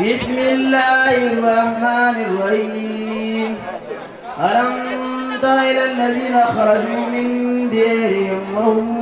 بسم الله الرحمن الرحيم ألم تر إلى الذين خرجوا من ديرهم وهم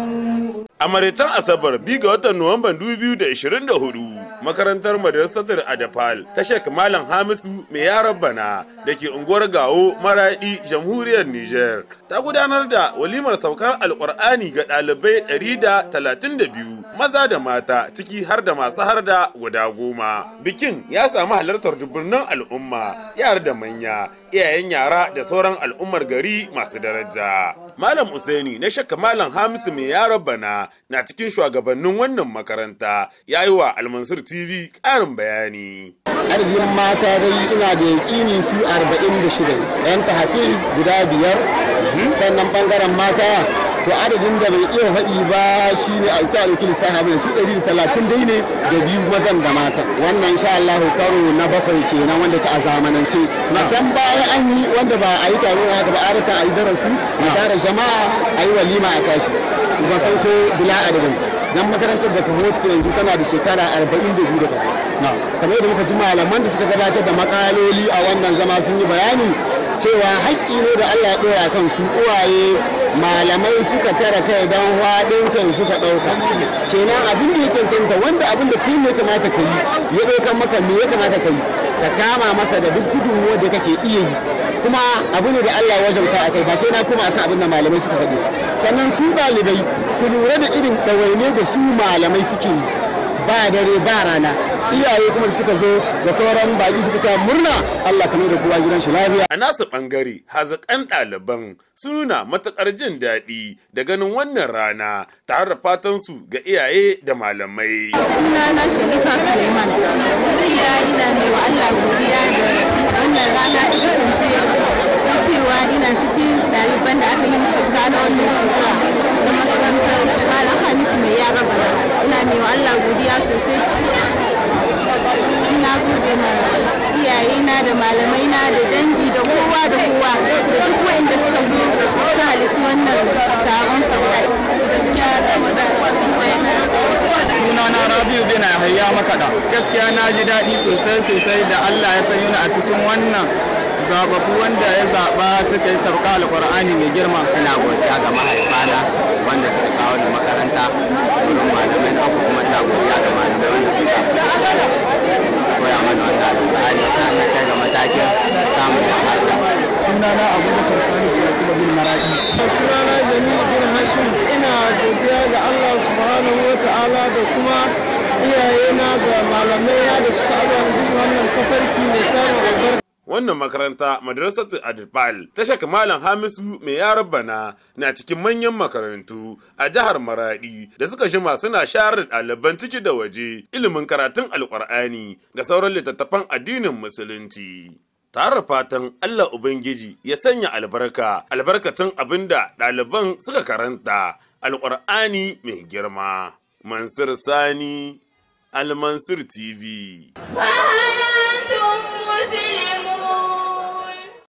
A Asabar bi ga watan Nuwamban 2024 makarantar madrasatar Adafal ta shek Malam Hamisu mai yaran bana da ke unguwar Gawo Maraɗi Jamhuriyar Niger ta gudanar da walimar saukar Alƙur'ani ga ɗalibai 132 maza da mata ciki har da masu har da guda goma. Bikin ya sami halartar dubunnan al'umma yara da manya iyayen yara da sauran al'ummar gari masu daraja. Malam Usaini na shakka Malam Hamisu mai yaron bana na cikin shugabannin wannan makaranta ya yi wa Almansur TV ƙarin bayani. Arziyar mata dai ina da yaƙini su 46 'yan tahafiz guda biyar mhm. sannan ɓangaren mata to adadin da bai iya faɗi ba shi ne a sa ɗauki lissafi su ɗari da talatin dai ne da biyu mazan da mata wannan insha Allah karo na bakwai kenan wanda ta a zamanance na can baya an yi wanda ba a yi taro haka ba arata a yi darasu a tara jama'a a yi walima a kashi ba san ko bila adadin dan makarantar da ta yanzu tana da shekara arba'in da biyu da kamar yadda muka ji malaman da suka gabatar da makaloli a wannan zama sun yi bayani cewa haƙƙi ne da Allah ɗora kan su uwaye malamai suka tara kai don waɗin kan suka ɗauka kenan abin da ya cancanta wanda abin da kai ne kamata ka yi ya ɗaukan maka me ya kamata ka yi ka kama masa da duk gudunmuwa da kake iya yi kuma abu ne da Allah ya wajabta a kai ba sai na kuma akan abin da malamai suka faɗi sannan su ɗalibai su lura da irin ɗawaine da su malamai suke yi ba dare ba rana iyaye kuma da suka zo da sauran baki suka ta murna Allah ka da kowa gidan shi lafiya a nasu bangare hazakan ɗaliban sun nuna matakar jin daɗi da ganin wannan rana tare da fatan su ga iyaye da malamai suna na sharifa suleiman gaskiya ina mai wa Allah godiya da wannan rana ta kasance ta cewa ina cikin ɗaliban da aka yi musu gano wannan shekara da makarantar malam hamisu mai yara da ina mai wa allah godiya sosai ina gode ma iyaye na da malamai na da dangi da kowa da kowa da duk wanda suka zo suka halitta wannan taron sauƙa gaskiya da sunana rabiu bin hayya makaɗa gaskiya na ji daɗi sosai sosai da allah ya sanyo ni a cikin wannan zababu wanda ya zaba suka yi sauka alƙur'ani mai girma ina godiya ga mahaifana wanda suka kawo da makaranta wurin malamai da kuma ta godiya da malamai wanda suka koya mana wanda alƙur'ani ta na kai ga matakin samun da harda. sunana abubakar salisu ya kula bin maraƙi. sunana jamilu bin hashim ina godiya ga allah subhanahu wa ta'ala da kuma iyayena da malamai da suka abuwa wannan wannan makaranta madrasatu adfal tashar malam hamisu mai yaran bana na cikin manyan makarantu a jihar maradi da suka jima suna sharar da ɗaliban ciki da waje ilimin karatun alkur'ani da sauran littattafan addinin musulunci tare fatan Allah Ubangiji ya sanya albarka albarkacin abin da ɗaliban suka karanta alƙur'ani mai girma mansur sani almansur tv